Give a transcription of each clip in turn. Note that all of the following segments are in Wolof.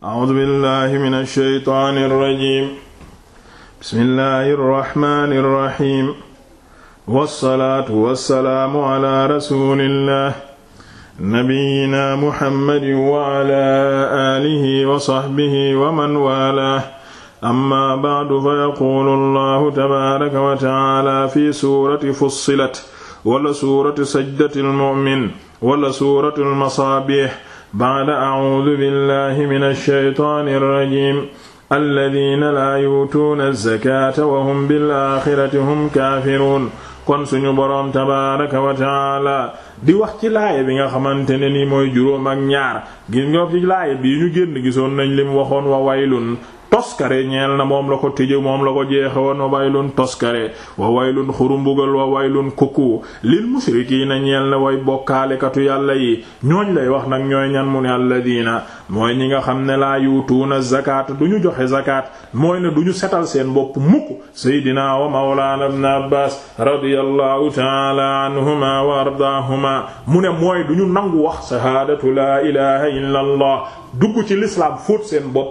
A'uuzu billaahi mina shaytaani rajiim. Bismillaahi rahmaani rahiim. Wassalaatu wassalaamu alaa rasuulillah. Nabiyyinaa Muhammadin wa alaa aalihi wa sahbihi wa man waalaah. Ammaa ba'du fayaquulu Allaahu tabaaraka wa ta'aalaa fi suurati Fussilat wala suurati sajdatil mu'min wala suuratul masaabiih ba'da a'uudu billahi minash shaytaanir rajiim alladiina laa yu'tuuna az-zakaata wa hum bil aaxirati hum kaafiruun kon suñu boroom tabaaraka wa taala di wax ci laaya bi nga xamante ne ni mooy juróom ak ñaar gis nga ci laaya bii ñu génn gisoon nañ lim waxoon wa waylun toskare ñeel na moom la ko tëje moom la ko jeexe woon wa waylun toskare wa waylun xurumbugal wa waylun kukku lil mushrikiina ñeel na way bokkaalekatu yàlla yi ñooñ lay wax nag ñooy ñan mu ne alladina mooy ñi nga xam ne laa yuutuuna zakat du ñu joxe zakat mooy ne du ñu setal seen bopp mukk seydina wa mawlaana ibn abbaas radiyallahu taala anhuma wa ardaahuma mu ne mooy du ñu nangu wax sahaadatu laa ilaha illa allah dugg ci lislaam fóot seen bopp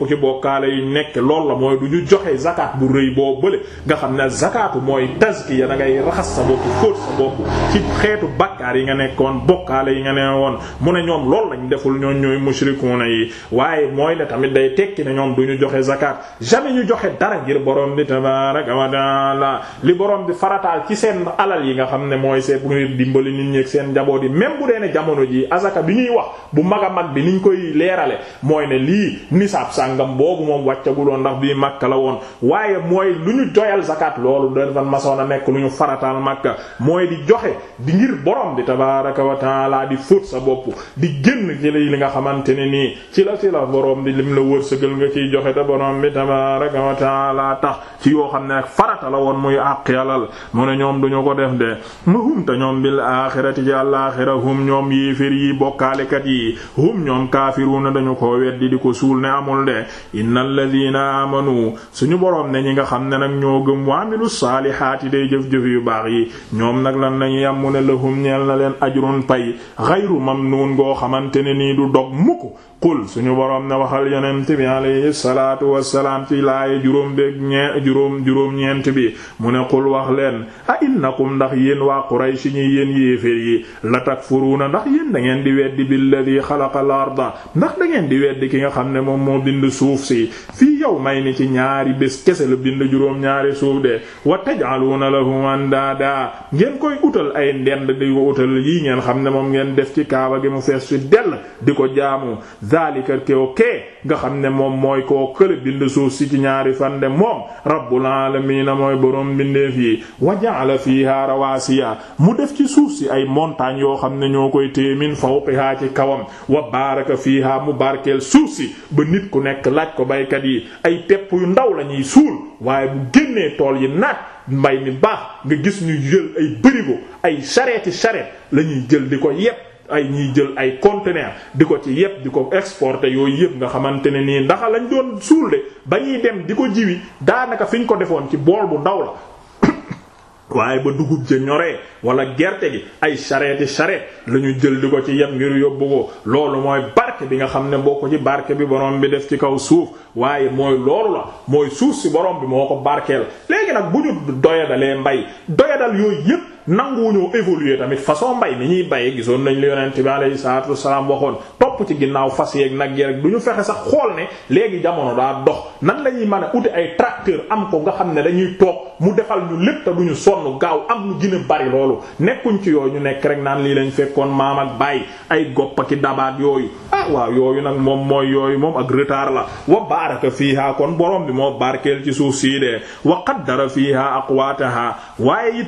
nekk loolu la mooy du ñu joxe zakat bu rëy boo bële nga xam ne zakatu mooy tazkiya da ngay raxas sa bopp fóot sa bopp ci xeetu bakkaar yi nga nekkoon bokkaale yi nga ne woon mu ne ñoom loolu lañ deful ñoom ñooy mushrikuuna yi waaye mooy la tamit day tekki ne ñoom du ñu joxe zakat jamais ñu joxe dara ngir borom bi tabaaraka wa taala li borom bi farataal ci seen alal yi nga xam ne mooy c'est pour dimbali nit ñi ak seen njaboot yi même bu dee ne jamono ji azaka bi ñuy wax bu mag a mag koy leerale mooy ko doon ndax bii Makka la woon waaye mooy lu ñu joyal zakat loolu dafa masoon a nekk lu ñu farataal Makka mooy di joxe di ngir borom di tabaaraka wa taala di fóot sa bopp di génn ci li nga xamante ne nii ci la ci la borom di lim la wërsëgal nga ciy joxe te borom bi tabaaraka wa taala tax ci yoo xam ne nag farata la woon muy àq yàllal mu ne ñoom duñu ko def de mahum te ñoom bil aaxirati ci àllaaxira hum ñoom yéeféer yi bokkaalekat yi hum ñoom alladina amanu suñu boroom ne ñi nga xam ne nag ñoo gëm waamilu saalihaati day jëf-jëf yu baax yi ñoom nag lan lañu yam mu ne lahum ñeel na leen ajrun pay xayru mamnuun goo xamante ne nii du dog mukk qul suñu boroom ne waxal yonent bi alayhi salaatu wassalaam ci laaye juróom béeg ñee juróom ñeent bi mu ne qul wax leen a innakum ndax yéen waa Quraysh ñi yéen yéefér yi la takfuruuna ndax yéen di weddi billadi xalaqa ndax da ngeen di weddi ki nga xam ne moom moo bind suuf si yow may ni ci ñaari bés kese la bind juróom ñaari suuf de wa taj'aluna daa daa ngeen koy utal ay ndend di ko utal yii ngeen xam ne moom ngeen def ci kaaba gi mu fees ci dell di ko jaamu zalika kew kee nga xam ne moom mooy koo kële bind suuf si ci ñaari fan de moom rabbul alamin mooy borom bindeef yi wa ja'ala fiha rawasiya mu def ci suuf si ay montagnes yoo xam ne ñoo koy téye min fawqiha ci kawam wa baraka fiha mu barkeel suuf si ba nit ku nekk laaj ko baykat yi ay pepp yu ndaw la ñuy suul waaye bu génnee tool yi naat mbay mi baax nga gis ñu jël ay bërigo ay charrette charrette la ñuy jël di ko yépp ay ñuy jël ay conteneur di ko ci yépp di ko exporter yooyu yépp nga xamante ne nii ndax lañ doon suul de ba ñuy dem di ko jiwi daanaka fi ñu ko defoon ci bool bu ndaw la waaye ba dugub ja ñoree wala gerte gi ay charette charette la ñu jël di ko ci yeb ngir yóbbu ko loolu mooy barke bi nga xam ne bokk ci barke bi borom bi def ci kaw suuf waaye mooy loolu la mooy suuf si borom bi moo ko barkeel léegi nag bu ñu doyadalee mbay doyadal yooyu yépp nanguwuñoo évoluer tamit façon mbay mi ñuy bayee gisoon nañ li yonent bi alayhi salaatu wassalaam waxoon topp ci ginnaaw fas yeeg nag yi rek du ñu fexe sax xool ne léegi jamono daa dox nan la ñuy mën a uti ay tracteur am ko nga xam ne dañuy toog mu defal ñu lépp te duñu sonn gaaw am lu gën a bari loolu nekkuñ ci yooyu ñu nekk rek naan lii lañu fekkoon maam ak baay ay goppa ki dabaat yooyu ah waaw yooyu nag moom mooy yooyu moom ak retard la wa baraka fii kon borom bi moo barkeel ci suuf sii de wa qaddara fiiha aqwaataha waaye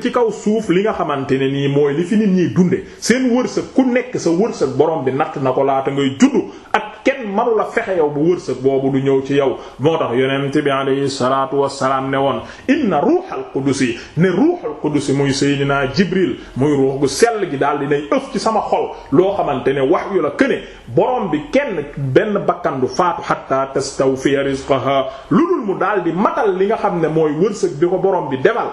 ci kaw suuf li nga xamante ne nii mooy li fi nit ñiy dunde seen wërsëg ku nekk sa wërsëg borom bi natt na ko laata ngay juddu ak kenn manu la fexe yow bu wërsëg boobu du ñëw ci yow moo tax yonent bi alayhi salaatu wassalaam ne woon inna ruuxal qudusi ne ruuxal qudusi muy seydinaa jibril muy ruux gu sell gi daal dinay ëf ci sama xol loo xamante ne wax yu la këne borom bi kenn benn bakkan du faatu hatta tastawfiya rizqaha lu dul mu daal di matal li nga xam ne mooy wërsëg bi ko borom bi demal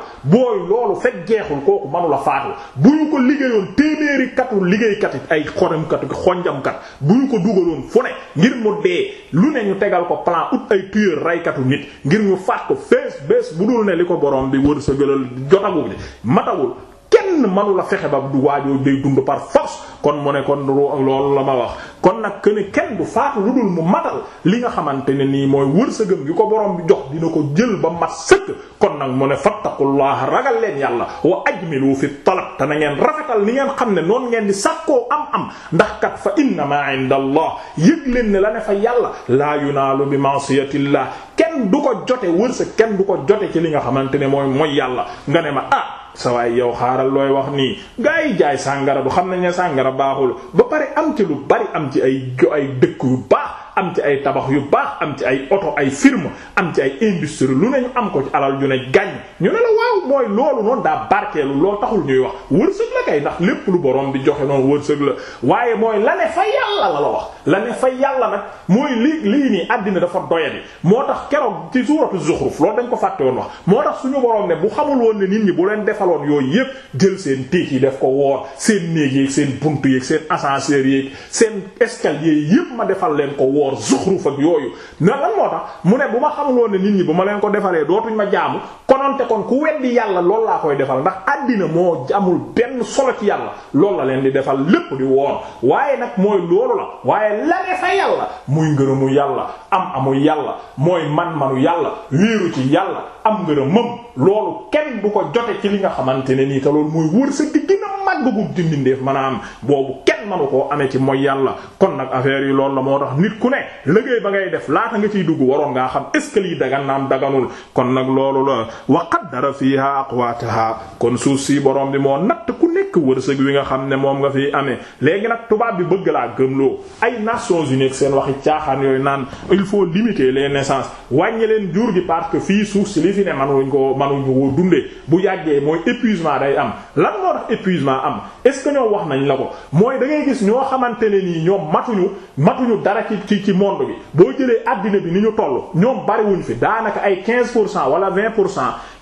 fekk jeexul kooku manu la faatu bu ñu ko liggéeyoon téeméeri katu liggéeykat it ay xonamkat xonjamkat bu ñu ko dugaloon fu ne ngir mu dee lu ne ñu tegal ko plan ut ay tueur raykatu nit ngir ñu faat ko fees bees bu dul ne li ko borom bi wër sa gëlal jotagul matagul kenn manu la fexe ba du waajoo day dund par force kon mu ne kon loolu la ma wax kon nag que ne kenn du faatu lu dul mu matal li nga xamante ne nii mooy wërsëgam gi ko boroom bi jox dina ko jël ba mat sëkk kon nag mu ne fattaqullaah ragal leen yàlla wa ajmilu fi talab te na ngeen rafetal li ngeen xam ne noonu ngeen di sax koo am am ndax kat fa inna ma inda allah yëg leen ne la ne fa yàlla laa yunaalu bi ma'siyatillah kenn du ko jote wërsëg kenn du ko jote ci li nga xamante ne mooy mooy yàlla nga ne ma ah, sa waay yow xaaral looy wax nii gaa yi jaay sàngara bu xam nañ ne sàngara baaxul ba pare am ci lu bari am ci ay jo ay dëkk yu baax am ci ay tabax yu baax am ci ay oto ay firme am ci ay industrie lu ne am ko ci alal ju ne gàññ ñu ne la waaw mooy loolu noonu daa barkeelu loolu taxul ñuy wax wërsëg la kay ndax lépp lu borom di joxe noonu wërsëg la waaye mooy la ne fa yàlla la la wax la ne fa yàlla nag mooy lii lii nii àddina dafa doyadi moo tax keroog ci suuratu zuxruf loolu dañ ko fàtte woon wax moo tax suñu borom ne bu xamul ne nit ñi bu leen defaloon yooyu yépp jël seen téeg yi def ko woor seen néeg seen buntu yeeg seen ascenseur yeeg seen escalier yépp ma defal leen ko woor zuxruf yooyu na lan moo mu ne bu ma xamul woon ne nit ñi bu ma leen ko defalee dootuñ ma jaamu kononte kon ku weddi yàlla loolu laa koy defal ndax àddina moo amul benn solo ci yàlla loolu la leen di defal lépp di woon waaye nag mooy loolu la waaye la ne fa yàlla muy ngërëmu yàlla am amu yàlla mooy man manu yàlla wéeru ci yàlla am ngërëmam loolu kenn du ko jote ci li nga xamante ne nii te loolu mooy wërsëg gi gën a mag gum ci mbindeef mën a am boobu kenn manu koo amee ci mooy yàlla kon nag affaire yi loolu la moo tax nit ku ne liggéey ba ngay def laa laata nga ciy dugg waroon ngaa xam est ce que lii dagan naam daganul kon nag loolu la wa qaddara fiha aqwataha kon suuf si borom bi moo natt ku lekk wërsëg wi nga xam ne moom nga fi amee léegi nag tubaab bi bëgg laa gëmloo ay Nations Unies seen waxi caaxaan yooyu naan il faut limiter les naissances wàññi jur gi parce que fii suuf si li fi ne mënuñ koo mënuñ koo dundee bu yàggee mooy épuisement day am lan moo tax épuisement am est-ce que ñoo wax nañ la ko mooy da gis ñoo xamante ne nii ñoom matuñu matuñu dara ci ci ci monde bi boo jëlee addina bi ni ñu toll ñoom bariwuñ fi daanaka ay 15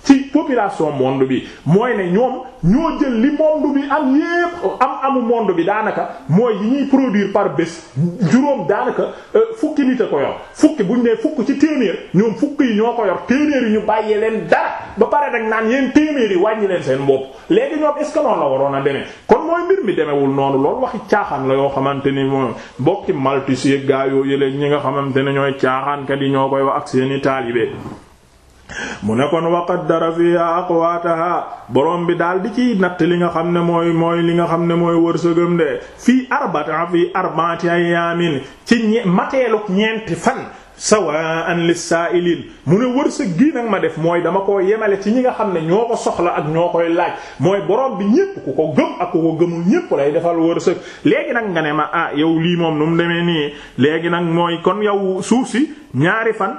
ci population monde bi mooy ne ñoom ñoo jël li monde bi am yépp am amu monde bi daanaka mooy yi ñuy produire par bés juróom daanaka euh, fukki nit a ko yor fukki bu buñ nee fukk ci téeméer ñoom fukk yi ñoo ko yor téeméer yi ñu bàyyee leen dara ba pare nag naan yéen téeméer yi wàññi leen seen bopp léegi ñoom est la waroon a demee kon mooy mbir mi demewul noonu loolu waxi caaxaan la yoo xamante ni moom bokki maltus yeeg gaa yoo yëleeg ñi nga xamante ne ñooy caaxaankat yi ñoo koy wax ak seeni taalibe mu ne kon dara fiha aqwaataha borom bi daal di ciy natt li nga xam ne mooy mooy li nga xam ne mooy wërsëgam de fii arbata fii arbati ayaamin ci ñe ñeenti fan sawaan lissaa'iliin mu ne wërsëg gii nag ma def mooy dama ko yemale ci ñi nga xam ne ñoo ko soxla ak ñoo koy laaj mooy borom bi ñépp ku ko gëm ak ku ko gëmul ñépp lay defal wërsëg léegi nag nga ne ma ah yow lii moom nu mu demee nii léegi nag mooy kon yow suuf si ñaari fan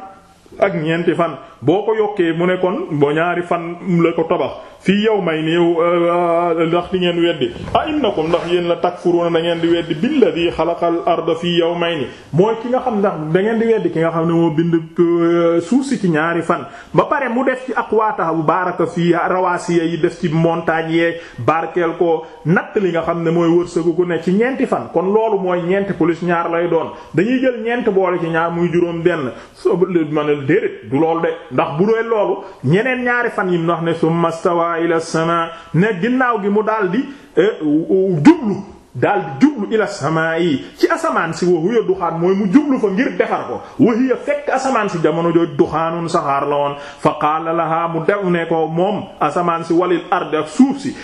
ak ñeenti fan boo ko yokkee mu ne kon boo ñaari fan la ko tabax fii yow may euh, néew ndax di ngeen weddi a innakum ndax yéen la takfuruna a ngeen di weddi billadi xalaqal arda fii yow may ni mooy ki nga xam ndax da ngeen di weddi ki nga xam ne moo bind euh, suuf si ci ñaari fan ba pare mu def ci aqwaataha bu baaraka fii rawaasiya yi def ci montagne yeeg barkeel ko natt li nga xam ne mooy wërsëgu ku ne ci ñeenti fan kon loolu mooy ñeenti plus ñaar lay do dañuy jël ñeent boole ci ñaar juróom benn déedéet du loolu de ndax bu dee loolu ñeneen ñaari fan yi mu wax ne summa stawa ila sama ne ginnaaw gi mu daal di eh, jublu daal di jublu ila sama yi ci asamaan si wa huya duxaan mooy mu jublu fa ngir defar ko wa fekk asamaan si jamono jooju duxaanun saxaar la woon fa qaala laha mu dew ne ko moom asamaan si walil ard ak suuf si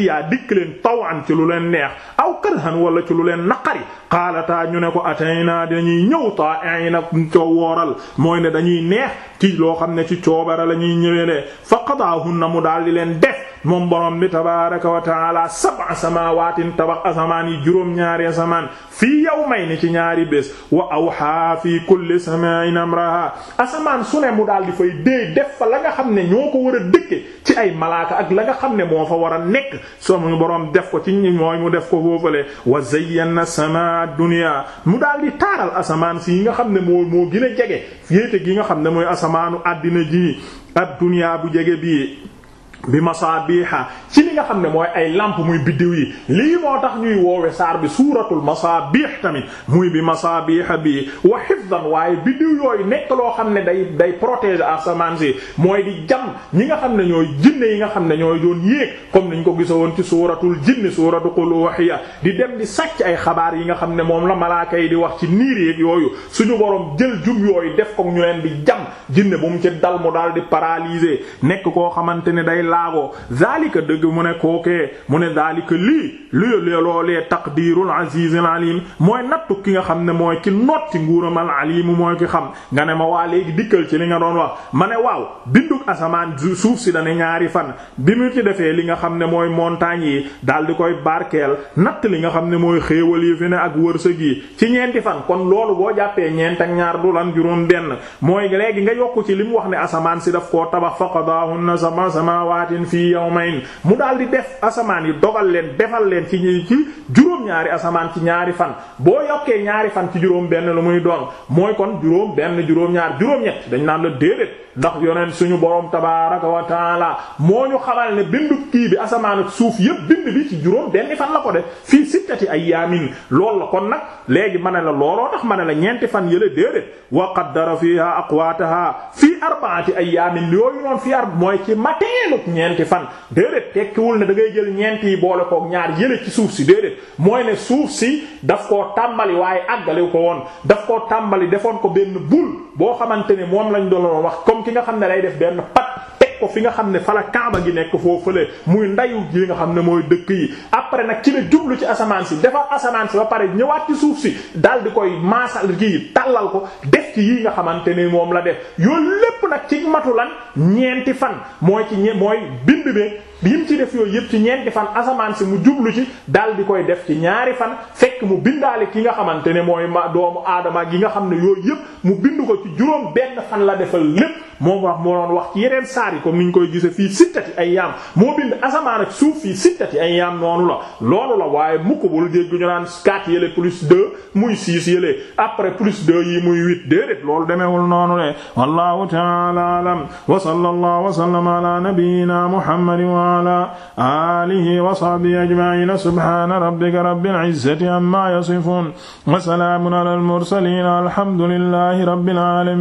yaa dikk leen tawan ci lu leen neex aw karhan wala ci lu leen naqari qaalataa ñu ne ko atayna dañuy ñëw taa ay na coo mooy ne dañuy neex ci loo xam ne ci coobara la ñuy ñëwee de fa qadaahunna mu daal di leen def moom borom bi tabaaraka wa taala sab'a samaawatin tabax asamaan yi juróom-ñaari asamaan fii yawmayni ci ñaari bes wa awhaa fii kulli samaain amraha asamaan su ne mu daal di fay dee def fa la nga xam ne ñoo ko war a dëkke ci ay malaaka ak la nga xam ne moo fa nekk foofale wa zayyana samaa dunya mu daal di taaral asamaan si yi nga xam ne moo moo gën a jege féete gi nga xam ne mooy asamaanu àddina ji ad bu jege bii bi masaabiha ci li nga xam ne mooy ay lamp muy biddiw yi lii moo tax ñuy woowe saar bi suuratul masaabih tamit muy bi masaabiha bi wa hifdan waaye biddiw yooyu nekk loo xam ne day day protéger asamaan si mooy di jam ñi nga xam ne ñooy jinne yi nga xam ne ñooy doon yéeg comme niñ ko gisa woon ci suuratul jinni suuratu qul wahiya di dem di sàcc ay xabaar yi nga xam ne moom la malaaka yi di wax ci niir yéeg yooyu suñu borom jël jum yooyu def ko ñu leen di jam jinne mu ci dal daal di paralyser laagoo zalika dëgg mu ne kookee mu ne zalika lii luy loolee taqdiirul azizil alim mooy nattu ki nga xam ne mooy ki notti nguuram al alimu mooy ki xam nga ne ma waa léegi dikkal ci li nga doon wax ma ne waaw bindug asamaan suuf si dane ñaari fan bi mu ci defee li nga xam ne mooy montagnes yi daal koy barkeel natt li nga xam ne mooy xéewal yi fi ne ak wërsëg yi ci ñeenti fan kon loolu boo jàppee ñeent ak ñaar du lan juróom benn mooy léegi nga yokku li mu wax ne asamaan si daf koo tabax samaawatin fii yawmayn mu daal di def asamaan yi dogal leen defal leen ci ñi ci juróom-ñaari asamaan ci ñaari fan boo yokkee ñaari fan ci juróom benn lu muy doon mooy kon juróom benn juróom-ñaar juróom dañ naan la déedéet ndax yoneen suñu borom tabaaraka wa taala moo ñu xamal ne bindu kii bi asamaan suuf yëpp bind bi ci juróom benn fan la ko def fii sittati ayyaamin lool la kon nag léegi ma ne la looloo tax ma ne la ñeenti fan yële déedéet wa qaddara fiha aqwaataha fii arbaati ayyaamin yooyu noonu fi ar mooy ci matin ñeenti fan déedéet tekkiwul ne da ngay jël ñeent yi boole kook ñaar yële ci suuf si déedéet mooy ne suuf si daf koo tàmbali waaye àggale ko woon daf koo tàmbali defoon ko benn bul boo xamante ne moom lañ doon wax comme ki nga xam ne lay def benn pat teg ko fi nga xam ne fa la Kaaba gi nekk foofu fële muy ndayu yi nga xam ne mooy dëkk yi après nag ci la jublu ci asamaan si defar asamaan si ba pare ñëwaat ci suuf si daal di koy maasal gi tallal ko def yi nga xamante ne moom la def yooyu lépp nag ci matu lan ñeenti fan mooy ci ñe mooy bind be yim ci def yooyu yëpp ci ñeenti fan asamaan si mu jublu ci daal di koy def ci ñaari fan fekk mu bindaale ki nga xamante ne mooy ma doomu aadama gi nga xam ne yooyu yëpp mu bind ko ci juróom benn fan la defal lépp moom wax moo doon wax ci yeneen saar yi comme ni ñu koy gise fii sittati ay yaam moo bind asamaan ak suuf fii sittati ay yaam noonu la loolu la waaye mukk bul dégg ñu naan quatre yële plus deux muy six yële après plus deux yi muy huit déedéet loolu demeewul noonu le wallahu ta'ala alam wa sallallahu wa sallama ala nabiyyina muhammadin wa ala alihi wa sahbihi ajma'in subhana rabbika rabbil izzati amma yasifun wa salamun ala al mursalin alhamdulillahi rabbil alamin